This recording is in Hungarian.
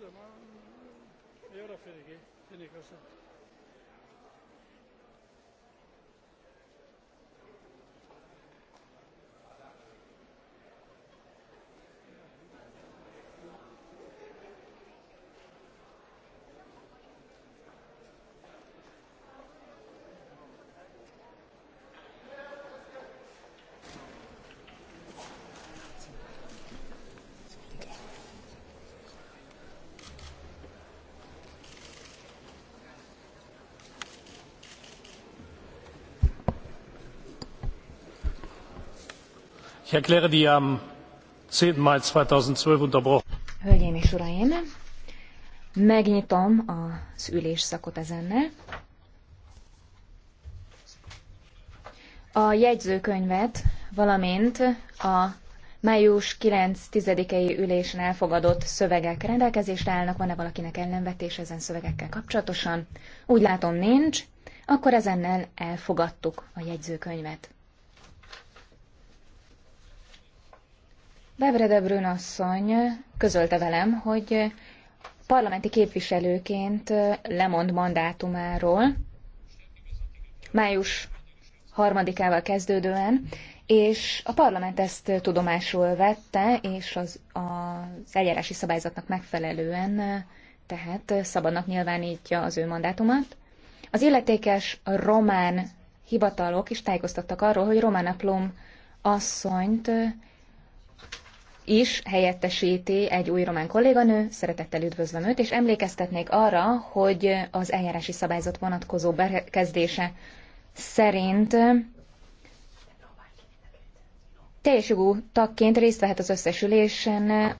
demain et à la Fédégué, Fédégué. Ich erkläre die am Mai Hölgyeim és uraim, megnyitom az ülésszakot ezennel. A jegyzőkönyvet, valamint a május 9-10-i ülésen elfogadott szövegek rendelkezésre állnak, van-e valakinek ellenvetés ezen szövegekkel kapcsolatosan? Úgy látom nincs, akkor ezennel elfogadtuk a jegyzőkönyvet. Bevre de Brün asszony közölte velem, hogy parlamenti képviselőként lemond mandátumáról május harmadikával kezdődően, és a parlament ezt tudomásul vette, és az, az eljárási szabályzatnak megfelelően tehát szabadnak nyilvánítja az ő mandátumát. Az illetékes román hivatalok is tájékoztattak arról, hogy román Aplom asszonyt is helyettesíti egy új román kolléganő, szeretettel üdvözlöm őt, és emlékeztetnék arra, hogy az eljárási szabályzat vonatkozó bekezdése szerint teljes jogú tagként részt vehet az összesülésen.